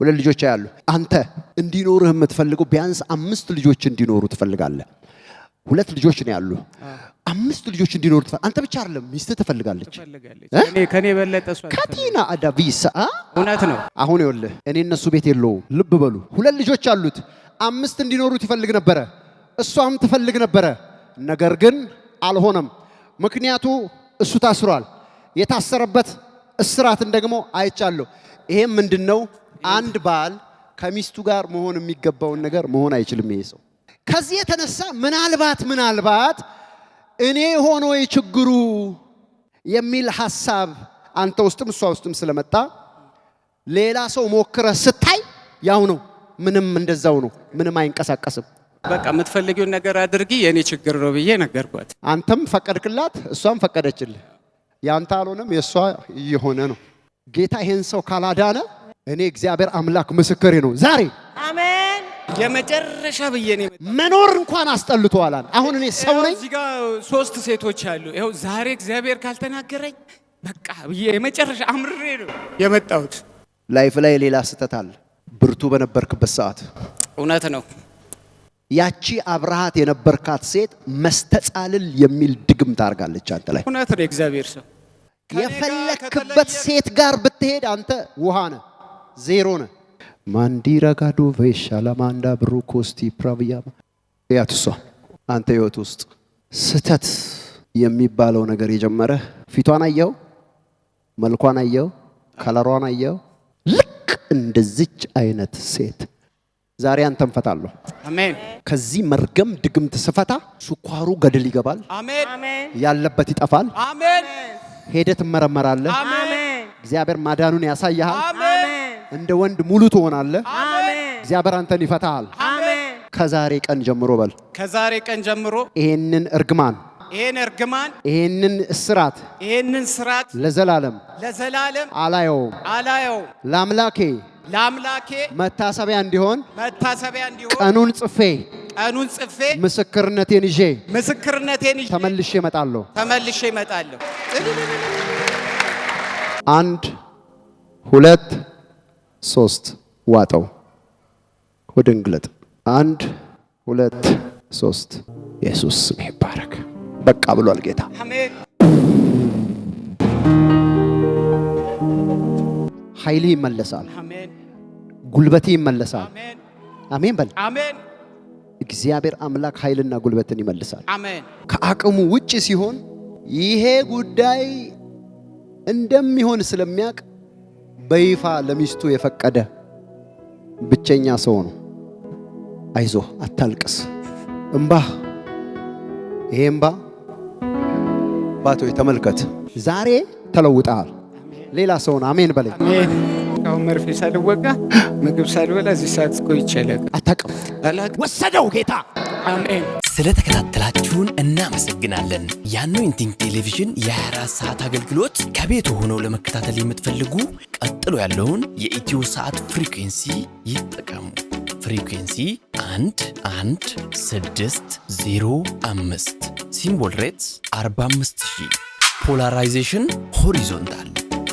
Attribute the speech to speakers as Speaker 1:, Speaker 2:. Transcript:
Speaker 1: ሁለት ልጆች ያሉ አንተ እንዲኖርህ የምትፈልገው ቢያንስ አምስት ልጆች እንዲኖሩ ትፈልጋለህ። ሁለት ልጆች ነው ያሉ አምስት ልጆች እንዲኖሩ አንተ ብቻ አይደለም ሚስትህ ትፈልጋለች። ከኔ በለጠ ካቲና አዳቪሳ እውነት ነው። አሁን ይኸውልህ እኔ እነሱ ቤት የለውም። ልብ በሉ ሁለት ልጆች አሉት። አምስት እንዲኖሩት ይፈልግ ነበረ፣ እሷም ትፈልግ ነበረ። ነገር ግን አልሆነም። ምክንያቱ እሱ ታስሯል። የታሰረበት እስራትን ደግሞ አይቻለሁ። ይሄም ምንድን ነው? አንድ ባል ከሚስቱ ጋር መሆን የሚገባውን ነገር መሆን አይችልም ይሄ ሰው። ከዚህ የተነሳ ምናልባት ምናልባት እኔ ሆኖ ችግሩ የሚል ሀሳብ አንተ ውስጥም እሷ ውስጥም ስለመጣ ሌላ ሰው ሞክረ ስታይ ያው ነው፣ ምንም እንደዛው ነው፣ ምንም አይንቀሳቀስም።
Speaker 2: በቃ የምትፈልጊውን ነገር አድርጊ የእኔ ችግር ነው ብዬ ነገርኳት።
Speaker 1: አንተም ፈቀድክላት፣ እሷም ፈቀደችልህ። ያንተ አልሆነም፣ የእሷ እየሆነ ነው። ጌታ ይሄን ሰው ካላዳነ እኔ እግዚአብሔር አምላክ ምስክሬ ነው። ዛሬ
Speaker 3: አሜን። የመጨረሻ ብዬ ነው
Speaker 1: መኖር እንኳን አስጠልቷል። አሁን እኔ ሰው ነኝ።
Speaker 3: እዚህ ጋር ሶስት ሴቶች አሉ። ይኸው ዛሬ እግዚአብሔር ካልተናገረኝ በቃ ብዬ የመጨረሻ አምሬ ነው
Speaker 2: የመጣሁት።
Speaker 1: ላይፍ ላይ ሌላ ስህተት አለ። ብርቱ በነበርክበት ሰዓት እውነት ነው። ያቺ አብርሃት የነበርካት ሴት መስተጻልል የሚል ድግም ታርጋለች አንተ ላይ።
Speaker 2: እውነት ነው። እግዚአብሔር ሰው
Speaker 1: የፈለክበት ሴት ጋር ብትሄድ አንተ ውሃ ነህ። ዜሮ ነ ጋዶ ቬሻ ለማንዳ ብሩ ኮስቲ ፕራቪያማ ያት እሷ አንተ ህይወት ውስጥ ስህተት የሚባለው ነገር የጀመረ ፊቷን አየው፣ መልኳን አየው፣ ከለሯን አየው። ልክ እንደዚች አይነት ሴት ዛሬ አንተን ፈታለሁ። አሜን። ከዚህ መርገም ድግምት ስፈታ ስኳሩ ገድል ይገባል። ያለበት ይጠፋል። አሜን። ሄደህ ትመረመራለህ። እግዚአብሔር ማዳኑን ያሳያል። እንደ ወንድ ሙሉ ትሆናለህ። እግዚአብሔር አንተን ይፈታሃል። ከዛሬ ቀን ጀምሮ በል፣
Speaker 2: ከዛሬ ቀን ጀምሮ
Speaker 1: ይሄንን እርግማን
Speaker 2: ይሄን እርግማን
Speaker 1: ይሄንን እስራት
Speaker 2: ይሄንን ስራት ለዘላለም ለዘላለም አላየውም አላየውም። ለአምላኬ ለአምላኬ
Speaker 1: መታሰቢያ እንዲሆን
Speaker 2: መታሰቢያ እንዲሆን ቀኑን ጽፌ ቀኑን ጽፌ
Speaker 1: ምስክርነቴን ይዤ
Speaker 2: ምስክርነቴን ይዤ
Speaker 1: ተመልሼ እመጣለሁ
Speaker 2: ተመልሼ እመጣለሁ።
Speaker 1: አንድ ሁለት ሶስት ዋጠው። ሆድን ግለጥ። አንድ ሁለት ሶስት። ኢየሱስ ስም ይባረክ። በቃ ብሏል ጌታ። ኃይል ይመለሳል። ጉልበት ይመለሳል። አሜን በል። እግዚአብሔር አምላክ ኃይልና ጉልበትን ይመልሳል። ከአቅሙ ውጭ ሲሆን ይሄ ጉዳይ እንደሚሆን ስለሚያውቅ በይፋ ለሚስቱ የፈቀደ ብቸኛ ሰው ነው። አይዞ አታልቅስ። እምባ ይሄ እምባ ባቶ ተመልከት፣ ዛሬ ተለውጠሃል። ሌላ ሰውን አሜን በላይ
Speaker 2: አሁን መርፌ ሳልወጋ ምግብ ሳልበላ እዚህ ሰዓት እኮ ይቻላል።
Speaker 1: አታውቅም። ወሰደው ጌታ አሜን ስለተከታተላችሁን እናመሰግናለን። የአኖይንቲንግ ቴሌቪዥን የ24 ሰዓት አገልግሎት ከቤቱ ሆነው ለመከታተል የምትፈልጉ ቀጥሎ ያለውን የኢትዮ ሰዓት ፍሪኩንሲ ይጠቀሙ። ፍሪኩንሲ 1 1 6 05 ሲምቦል ሬትስ 45000 ፖላራይዜሽን ሆሪዞንታል